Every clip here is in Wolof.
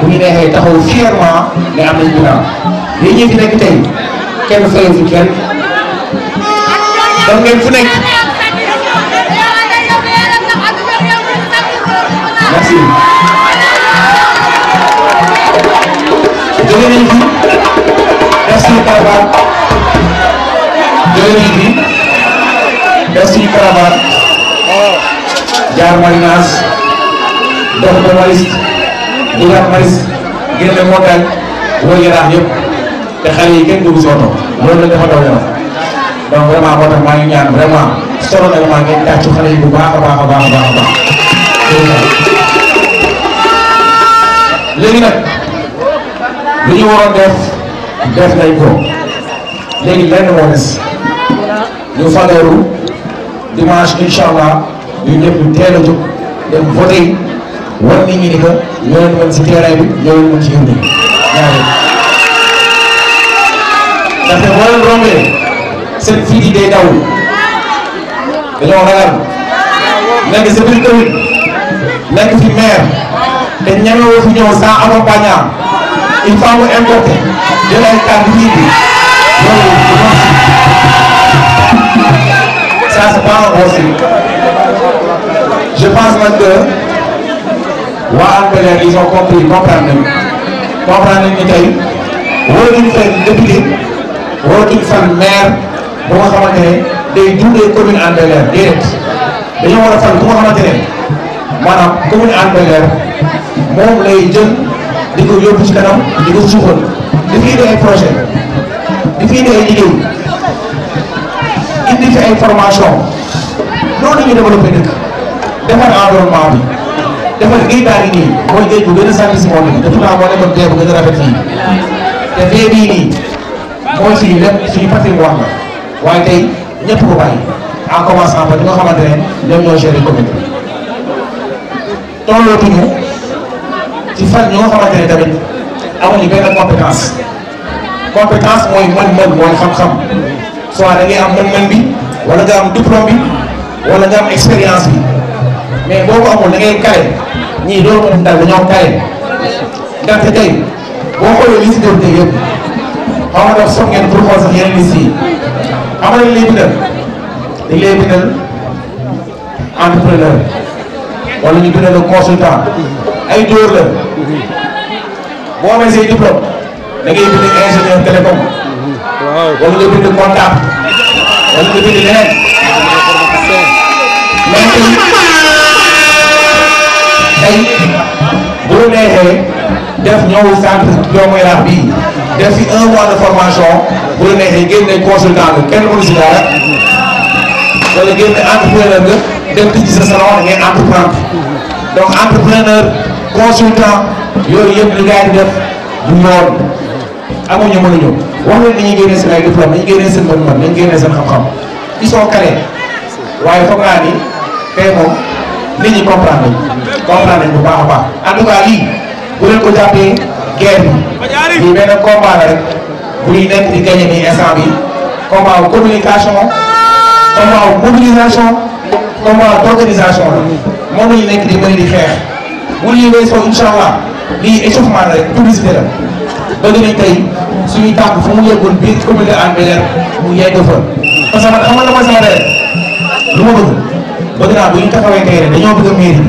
bu ñu neexee taxaw fièrement ne am nañ bilan yéen ñi fi nekk tey kenn fayal fi kenn dem ngeen fu nekk. merci. jóge nañ fi merci Caravane jóge nañ fi merci Caravane jaar Marinas dox ba Maristes. ñu daan maris génne montagne woo yaraax yëpp te xale yi kenn dugg si oto loolu la dafa daw yaram donc vraiment moo tax maa ngi ñaan vraiment solo na maa ngi tàccu xale yi bu baax a baax a baax a baax léegi nag lu ñu waroon def def nañ ko léegi lenn moo des ñu fagaru dimanche incha allah ñu ñëpp ñu teel a jóg dem voté wan nit ñi ko leen mën si terrain leen mën si yëngu ñaareel. ndaxte boo leen rombee seen fii di day dawul dañoo ragal nekk sa biir commune nekk fi maire te ñemewoo fi ñëw sans accompagnant il faut mu importer jël ay kàddu fii bi loolu du ma si je pense nag que. waa ANPR ils ont compris comprendre nañu comprendre nañu tey wóoruñu seen député wóoruñu seen maire bu nga xamante ne day dundee commune ANPR déedéet dañoo war a fal bu nga xamante ne maanaam commune ANPR moom lay jël di ko yóbbu ci kanam di ko suuxal di fi indi ay projet di fi indi ay liggéey indi fi ay formation loolu la ñuy développé dëkk defar environnement bi. defal géej daal di nii mooy géej bu gën a sant si moom yi dafa naa moo nekkoon géej bu gën a rafet yi te fee bii nii mooy suñu lépp suñu patrimoine la waaye tey ñëpp ko bàyyi en commençant ba di nga xamante ne ñoom ñoo géré commune bi tollootuñu ci fan ñi nga xamante ne tamit amuñu benn compétence compétence mooy mën-mën mooy xam-xam soit da ngay am mën-mën bi wala nga am diplôme bi wala nga am expérience bi mais boo ko amul da ngay kare ñii doo ko def ndax dañoo kaay ndaxte tey boo xoolee liste doon tey yëpp xaw ma def soog ngeen pour xool sax yeneen liste yi xam nga lii bindal dañ lay bindal wala ñu bindal le consultant ay dóor la boo amee say diplôme da ngay bind ingénieur télécom wala nga bind comptable wala nga bind leneen. tey bu neexee def ñëw centre doomu Yaraax bii def fi un mois de formation bu la neexee génne consultant nga kenn mënu si dara wala génne entrepreneur nga dem tijji sa salon da ngay entreprendre donc entrepreneur consultant yooyu yëpp li ngay def du noonu amuñu mënuñu wax leen ni ñuy génnee seen ay diplôme nañu génnee seen mën-mën nañu génnee seen xam-xam ils sont calés waaye foog ni tey moom nit ñi comprendre nañu. comprendre nañ bu baax a baax en tout cas lii bu leen ko jàppee guerre bi benn combat la rek bu ñuy nekk di gagné nii instant bi combat wu communication combat wu mobilisation combat d' organisation la moom ñu nekk di bëri di xeex bu lii weesoo incha lii échauffement la rek publicité la bëgg nañ tey suñuy tànk fu mu yeggoon biir commune de mu yegg fa parce que man xam nga la mooy sama délai lu ma bëgg bëgg a bu ñu taxawee tey rek dañoo bëgg mairie bi.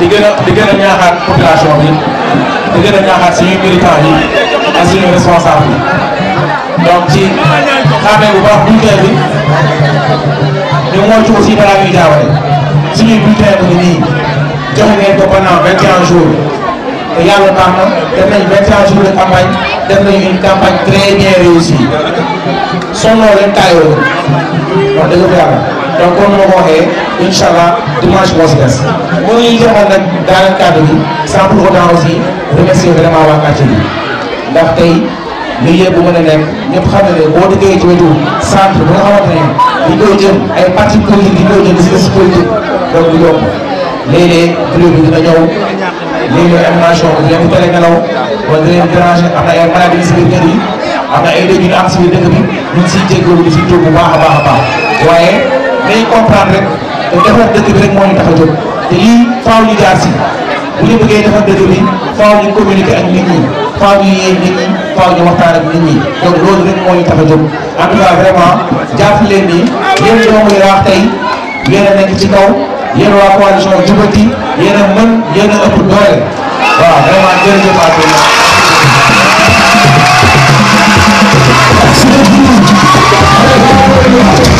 di gën a di gën a ñaaxaat population bi di gën a ñaaxaat suñuy militants yi ak suñuy responsable yi donc ci xamee bu baax bulletin bi ñu moo ci aussi balaa ñuy jaawale suñuy bulletin bi nii joxe ngeen ko vingt un jours te yàlla baax na def nañ vingt un jours de campagne def nañu une campagne très bien réussie sonnoo leen taayoo wax dëgg fa yàlla donc comme ma ko waxee incha allah dimanche moo si des moo kàddu gi sans pour autant aussi remercier bi ndax tey milieu bu mën a nekk ñëpp xam na ne boo dëggee ci wetu centre bu nga xamante ne ñu koy jëm ay si si si biir am na ay dëj yu am si biir dëkk bi ñu ngi siy jégalu si jóg baax a baax a baax waaye. dañuy comprendre rek te dëkk bi rek moo tax jóg te lii faaw ñu jaar si bu ñu bëggee defar dëkk bi faaw ñu communiquer ak nit ñi faaw ñu waxtaan ak nit ñi donc loolu rek moo tax jóg en tout cas vraiment jàpp leen ni yéen doomu tey yéen a nekk ci kaw yéen waa coalition Jubbanti yéen a mën yéen a ëpp doole waaw vraiment jërëjëf Fatou